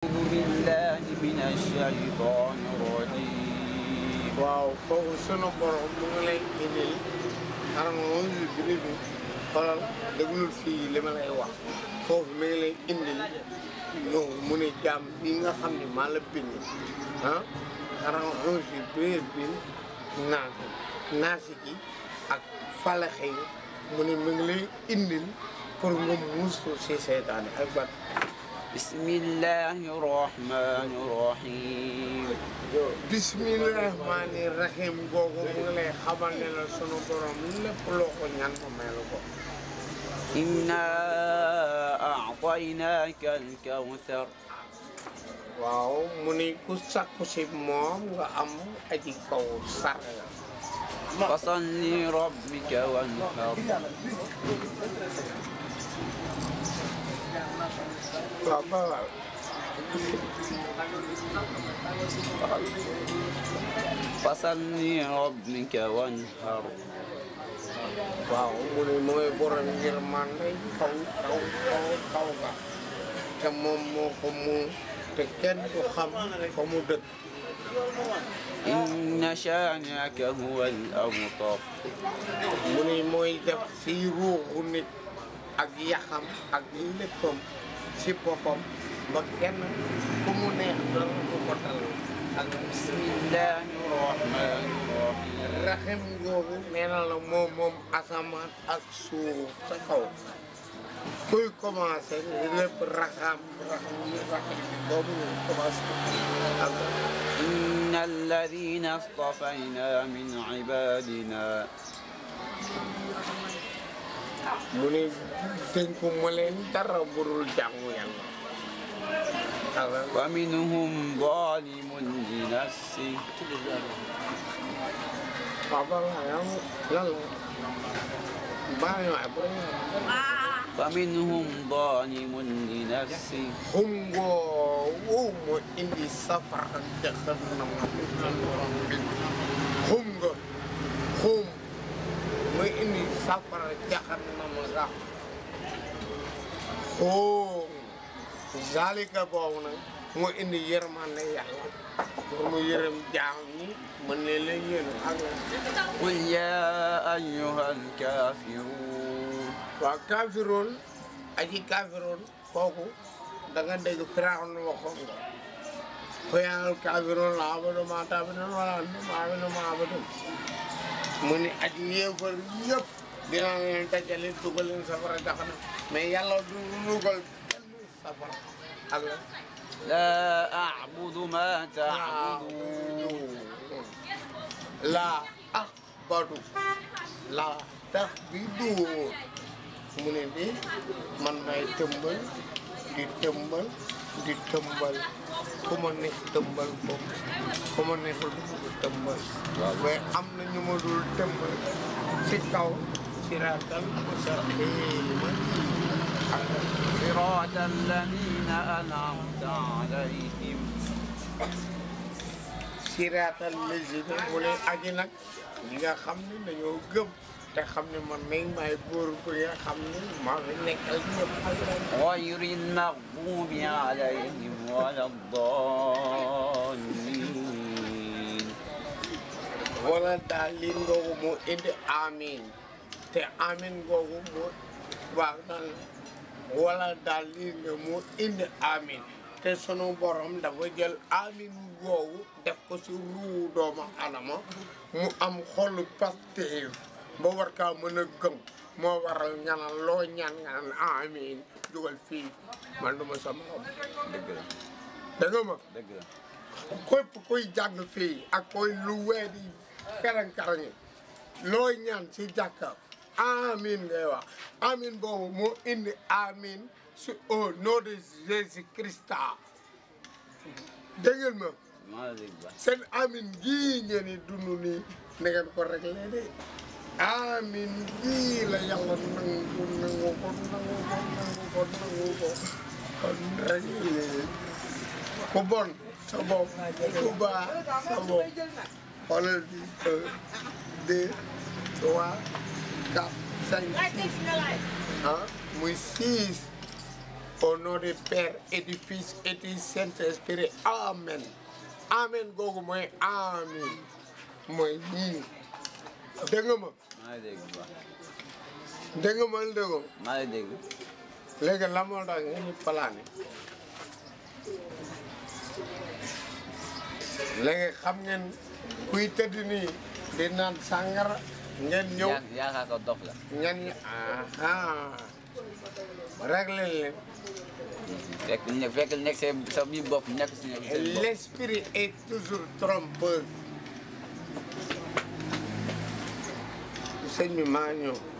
أعوذ بالله من الشيطان الرجيم waaw foofu sunu borom mu ngi lay indil xaram moom ñu bi xoolal déglul fii li ma lay wax foofu mu ne jàmm bi nga xam ni maa la bind ah bi naas naasi gi mu ne mi ngi lay indil pour nga muus si seytaane ak bat بسم الله الرحمن الرحيم بسم الله الرحمن الرحيم googu mu ngi lay xamal ne la sunu borom lépp loo ko ñaan ko may la ko إنا أعطيناك الكوثر waaw mu ni ku sàkku si moom nga am aji kaw sar فصل لربك وانحر waaw baaxal fasalni rabbika wanhar waaw mu ne mooy borom yërmande kaw kaw kaw kaw ga te moom moo ko moom te kenn du xam fa mu dëkk inna shaani'aka huwal abtar mu ne mooy def si ruuxu nit ak yaxam ak léppam ci boppam ba kenn ku mu neex dara du ko dal ak bismillahi rahmani rahim googu nee na la moom moom asamaan ak suuf sa kaw kuy commencé lépp raxam raxam ñu raxam boobu ñu commencé ak إن الذين اصطفينا من عبادنا mu ne dénku ma leen dara budul jàngu yàlla wa minhum zalimun li nafsi فمنهم ظالم لنفسه هم وهم إني سفر جهنم oo oh, zalika boobu nag moo indi yërmande yàlla pour mu yërëm jaam ñi mën leen leen yaa ayyuhal kaafiruun waaw kaafiruun aji kaafiruun kooku da nga dégg Firawna waxoon nga yaal kaafiruun la abudu maa ta'buduun wala antum a'lamu ammaa abudu mu ni aji yéefar yëpp dinaa leen dajale dugal leen safara jaxanam mais yàlla du dugal kenn safara ak la. laa abudu ma taabudu laa axbadu laa tax bi duwoon mu ne de man maay tëmbal di tëmbal di tëmbal ku ma neex tëmbal ko ku ma neexul du tëmbal waaye am na ñu ma dul tëmbal ci kaw صراط المستقيم صراط الذين أنعمت عليهم صراط الذين ولي أجنك ñinga xam ne dañoo gëm te xam ne man may maay góor bu nga xam ne maa fi nekkal ñëpp غير المغضوب عليهم ولا الضالين wala daal li ndogu mu indi amiin te amin googu moo baax nan wala daal lii nga indi amin te sunu borom dafa jël amin googu def ko si ruu doomu adama mu am xolu pastéef ba war kaa mën a gëm moo waral ñaanal loo ñaan nga amin jugal fii man du ma sama xam dëgg la kuy jàng fii ak koy lu weedi karaŋ-karaŋi loo ñaan si jàkka amiin ngay wax amiin boobu moo indi amiin si au nom de Jésus Christ dégg ngeen ma. seen amiin gii ngeen di dund nii na ngeen ko réglé de amiin gii la yàlla nangu nangu ko nangu ko nangu ko nangu ko kon réglé leen ku bon sa bopp ku baax sa bopp xoolal bi deux trois. 4, 5, 6. Hein? Moi, 6. Au nom du Père et du Fils et du Saint-Esprit. Amen. Amen googu mooy amin mooy ñii dégg nga ma. maa ngi dégg bu baax. dégg nga ma déggoo. maa ngi dégg. léegi lan moo tax nga ñu palaane. léegi xam ngeen kuy tëdd nii di naan sàngara. ngeen ñëw yaakaar ko dof la. ngeen ah réglé leen. fekk ne fekk nekk sa nekk si nekk seen bopp. l'esprit est toujours trompeur. sëñ bi maa